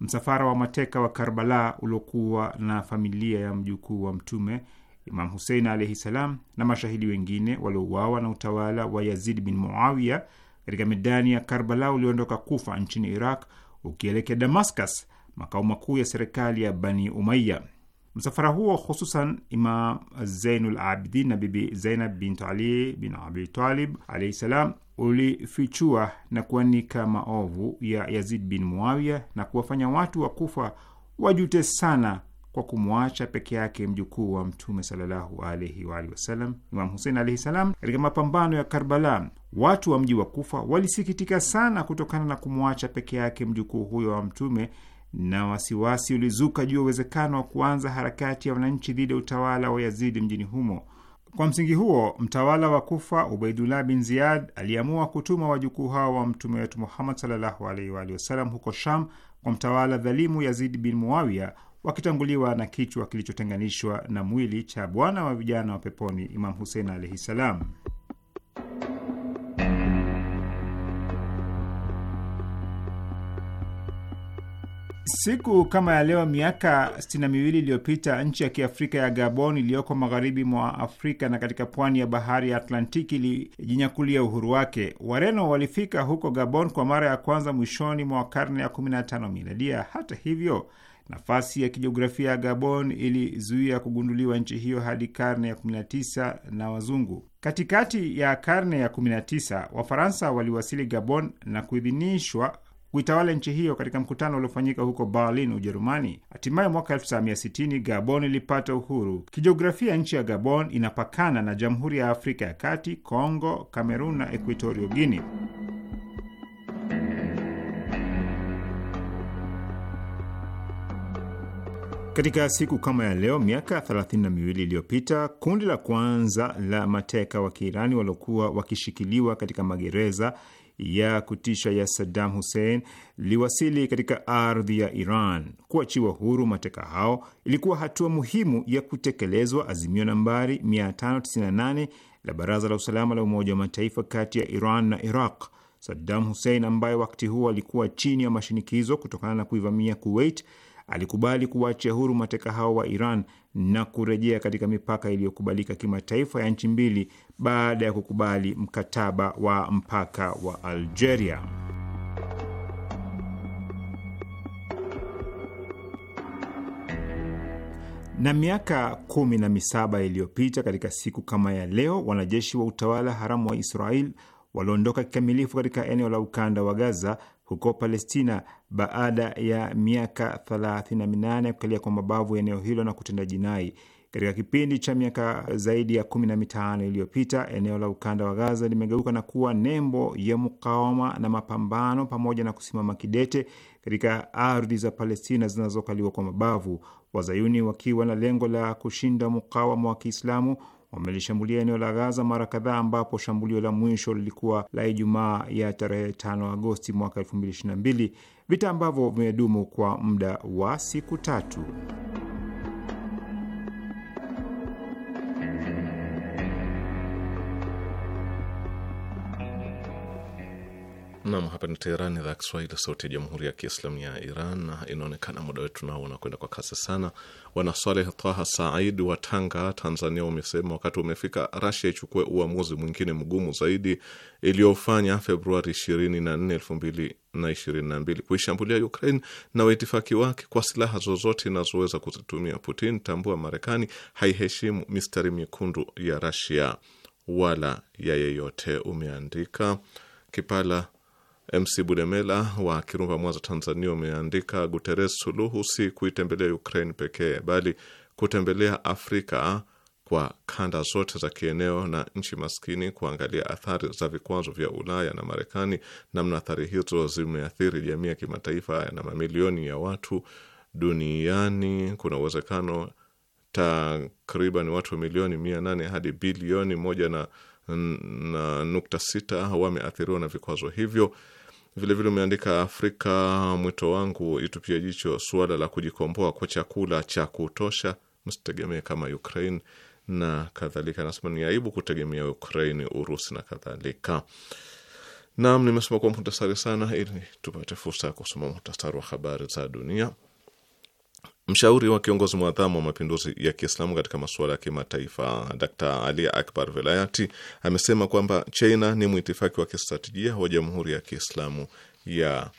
msafara wa mateka wa Karbala uliokuwa na familia ya mjukuu wa Mtume Imam Husein alaihi salam na mashahidi wengine waliouawa na utawala wa Yazid bin Muawiya katika medani ya Karbala ulioondoka Kufa nchini Iraq ukielekea Damascus, makao makuu ya serikali ya Bani Umaya. Msafara huo hususan Imam Zainul Abidin na Bibi Zainab bint Ali bin Abitalib alaihi salam ulifichua na kuanika maovu ya Yazid bin Muawiya na kuwafanya watu wa Kufa wajute sana kwa kumwacha peke yake mjukuu wa Mtume sallallahu alaihi wa alihi wasallam, Imam Husein alaihi salam. Katika mapambano ya Karbala, watu wa mji wa Kufa walisikitika sana kutokana na kumwacha peke yake mjukuu huyo wa Mtume, na wasiwasi ulizuka juu ya uwezekano wa kuanza harakati ya wananchi dhidi ya utawala wa Yazidi mjini humo. Kwa msingi huo mtawala wa Kufa Ubaidullah bin Ziyad aliamua kutuma wajukuu hao wa mtume wetu Muhammad sallallahu alaihi wa alihi wasallam huko Sham kwa mtawala dhalimu Yazid bin Muawiya wakitanguliwa na kichwa kilichotenganishwa na mwili cha bwana wa vijana wa peponi Imam Husein alaihi salam. Siku kama ya leo miaka sitini na miwili iliyopita nchi ya kiafrika ya Gabon iliyoko magharibi mwa Afrika na katika pwani ya bahari ya Atlantiki ilijinyakulia uhuru wake. Wareno walifika huko Gabon kwa mara ya kwanza mwishoni mwa karne ya 15 miladia. Hata hivyo, nafasi ya kijiografia ya Gabon ilizuia kugunduliwa nchi hiyo hadi karne ya 19 na wazungu. Katikati ya karne ya 19 Wafaransa waliwasili Gabon na kuidhinishwa kuitawala nchi hiyo katika mkutano uliofanyika huko Berlin, Ujerumani. Hatimaye mwaka 1960 Gabon ilipata uhuru. Kijiografia, nchi ya Gabon inapakana na Jamhuri ya Afrika ya Kati, congo Kamerun na Equatorio Guini. Katika siku kama ya leo miaka thelathini na miwili iliyopita kundi la kwanza la mateka wa Kiirani waliokuwa wakishikiliwa katika magereza ya kutisha ya Saddam Hussein liwasili katika ardhi ya Iran. Kuachiwa huru mateka hao ilikuwa hatua muhimu ya kutekelezwa azimio nambari 598 la Baraza la Usalama la Umoja wa Mataifa kati ya Iran na Iraq. Saddam Hussein ambaye wakati huo alikuwa chini ya mashinikizo kutokana na kuivamia Kuwait alikubali kuwaachia huru mateka hao wa Iran na kurejea katika mipaka iliyokubalika kimataifa ya nchi mbili baada ya kukubali mkataba wa mpaka wa Algeria. Na miaka kumi na misaba iliyopita katika siku kama ya leo, wanajeshi wa utawala haramu wa Israel waliondoka kikamilifu katika eneo la ukanda wa Gaza huko Palestina baada ya miaka 38 kukalia kwa mabavu eneo hilo na kutenda jinai. Katika kipindi cha miaka zaidi ya kumi na mitano iliyopita eneo la ukanda wa Gaza limegeuka na kuwa nembo ya mukawama na mapambano pamoja na kusimama kidete katika ardhi za Palestina zinazokaliwa kwa mabavu, wazayuni wakiwa na lengo la kushinda mukawama wa Kiislamu wamelishambulia eneo la Gaza mara kadhaa, ambapo shambulio la mwisho lilikuwa la Ijumaa ya tarehe 5 Agosti mwaka 2022, vita ambavyo vimedumu kwa muda wa siku tatu. Nam, hapa ni Teherani, idhaa ya Kiswahili, sauti ya jamhuri ya kiislamu ya Iran. Na inaonekana muda wetu nao unakwenda kwa kasi sana. Wanasaleh Taha Said wa Tanga, Tanzania, wamesema wakati umefika Rasia ichukue uamuzi mwingine mgumu zaidi iliyofanya Februari 24, 2022 kuishambulia Ukraine na waitifaki wake kwa silaha zozote inazoweza kuzitumia. Putin, tambua Marekani haiheshimu mistari mekundu ya Rasia wala ya yeyote, umeandika Kipala MC Bulemela wa Kirumba, Mwanza, Tanzania, umeandika Guterres, suluhu si kuitembelea Ukraine pekee, bali kutembelea Afrika kwa kanda zote za kieneo na nchi maskini, kuangalia athari za vikwazo vya Ulaya na Marekani, namna athari hizo zimeathiri jamii ya kimataifa na mamilioni ya watu duniani. Kuna uwezekano takriban watu milioni mia nane hadi bilioni moja na, na nukta sita wameathiriwa na vikwazo hivyo Vilevile umeandika Afrika mwito wangu itupia jicho suala la kujikomboa kwa chakula cha kutosha, msitegemee kama Ukraine na kadhalika. Anasema ni aibu kutegemea Ukraine, Urusi na kadhalika. Naam, nimesema kwa muhtasari sana ili tupate fursa ya kusoma muhtasari wa habari za dunia. Mshauri wa kiongozi mwadhamu wa mapinduzi ya Kiislamu katika masuala ya kimataifa Dr Ali Akbar Velayati amesema kwamba China ni mwitifaki wa kistratejia wa Jamhuri ya Kiislamu ya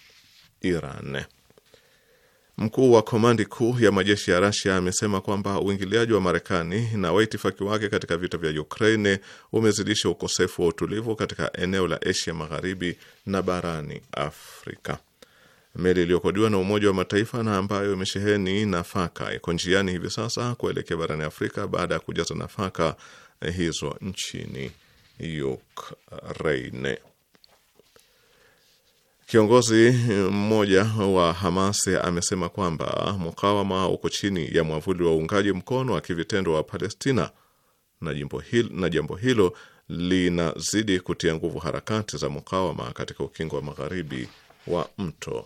Iran. Mkuu wa komandi kuu ya majeshi ya Rasia amesema kwamba uingiliaji wa Marekani na waitifaki wake katika vita vya Ukraine umezidisha ukosefu wa utulivu katika eneo la Asia Magharibi na barani Afrika. Meli iliyokodiwa na Umoja wa Mataifa na ambayo imesheheni nafaka iko njiani hivi sasa kuelekea barani Afrika baada ya kujaza nafaka eh, hizo nchini Ukraine. Kiongozi mmoja wa Hamas amesema kwamba mukawama uko chini ya mwavuli wa uungaji mkono wa kivitendo wa Palestina na jambo hilo, na hilo linazidi kutia nguvu harakati za mukawama katika ukingo wa magharibi wa mto